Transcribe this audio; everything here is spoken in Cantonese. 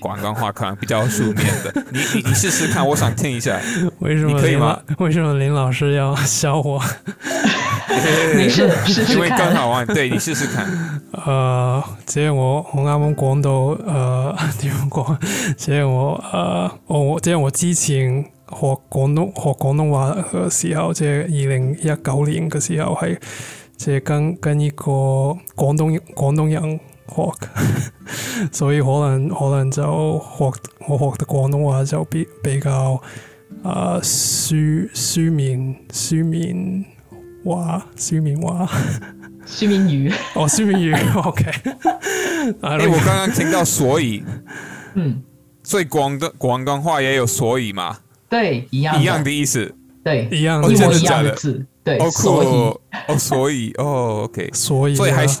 廣東話可能比較書面的，你你你試試看，我想聽一下，為什麼可以嗎？為什麼林老師要笑我？你試試看，因為更好玩。對，你試試看。呃，即係我我啱啱講到，呃點講？即係我，呃我即係我之前學廣東學廣東話嘅時候，即係二零一九年嘅時候，係即係跟跟一個廣東廣東人。所以可能可能就學我學的廣東話就比比較啊書書面書面話書面話書面語哦書面語 OK。誒我剛剛聽到所以，嗯，所以廣東廣東話也有所以嘛？對，一樣一樣的意思，對，一樣一模一樣的字，對，所以哦所以哦 OK，所以所以還是。